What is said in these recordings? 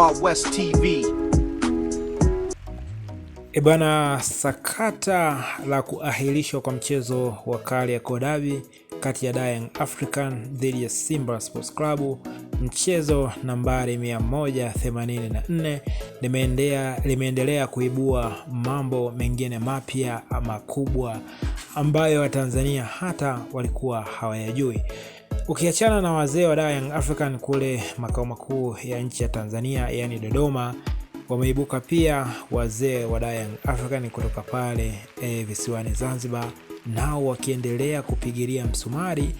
Wild West TV. E bana, sakata la kuahirishwa kwa mchezo wa ya Derby kati ya Young African dhidi ya Simba Sports Club mchezo nambari 184 limeendelea kuibua mambo mengine mapya makubwa ambayo Watanzania hata walikuwa hawayajui. Ukiachana na wazee wa dawa Young African kule makao makuu ya nchi ya Tanzania, yaani Dodoma, wameibuka pia wazee wa dawa Young African kutoka pale e, visiwani Zanzibar, nao wakiendelea kupigilia msumari,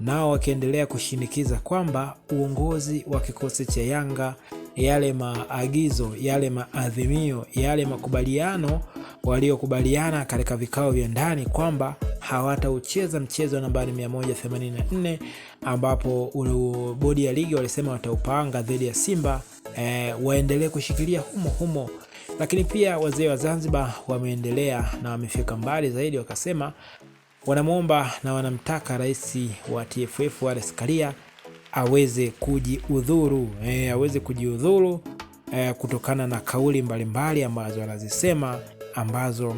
nao wakiendelea kushinikiza kwamba uongozi wa kikosi cha Yanga, yale maagizo, yale maadhimio, yale makubaliano waliokubaliana katika vikao vya ndani kwamba hawataucheza mchezo nambari 184 ambapo bodi ya ligi walisema wataupanga dhidi ya Simba e, waendelee kushikilia humo humo. Lakini pia wazee wa Zanzibar wameendelea na wamefika mbali zaidi, wakasema wanamwomba na wanamtaka rais wa TFF Wallace Karia aweze kujiudhuru e, aweze kujiudhuru e, kutokana na kauli mbalimbali ambazo anazisema ambazo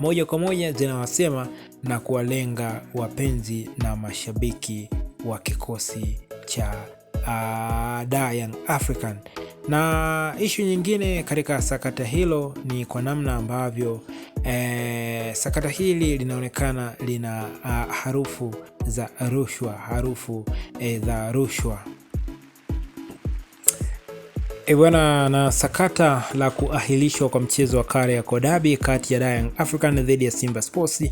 moja kwa moja zinawasema na kuwalenga wapenzi na mashabiki wa kikosi cha uh, Young African. Na ishu nyingine katika sakata hilo ni kwa namna ambavyo eh, sakata hili linaonekana lina uh, harufu za rushwa, harufu eh, za rushwa Ebwana, na sakata la kuahirishwa kwa mchezo wa Kariakoo Derby kati ya Young African dhidi ya Simba Sports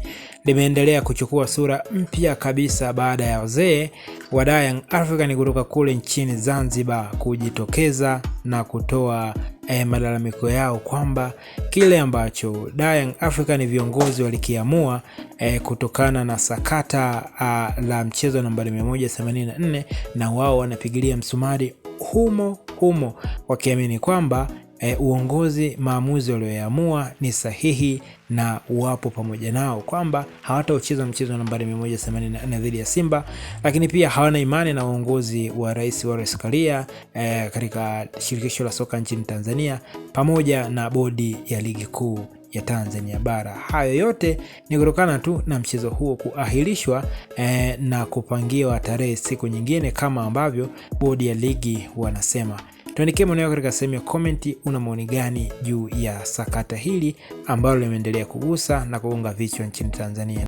limeendelea kuchukua sura mpya kabisa baada ya wazee wa Young African kutoka kule nchini Zanzibar kujitokeza na kutoa eh, malalamiko yao kwamba kile ambacho Young African viongozi walikiamua eh, kutokana na sakata ah, la mchezo nambari 184 na wao wanapigilia msumari humo humo wakiamini kwamba e, uongozi maamuzi walioyaamua ni sahihi na wapo pamoja nao kwamba hawataucheza mchezo nambari 184 dhidi ya Simba, lakini pia hawana imani na uongozi wa Rais Wallace Karia e, katika shirikisho la soka nchini Tanzania pamoja na bodi ya ligi kuu ya Tanzania bara. Hayo yote ni kutokana tu na mchezo huo kuahirishwa eh, na kupangiwa tarehe siku nyingine kama ambavyo bodi ya ligi wanasema. Tuandikie maoni yako katika sehemu ya komenti. Una maoni gani juu ya sakata hili ambalo limeendelea kugusa na kuunga vichwa nchini Tanzania?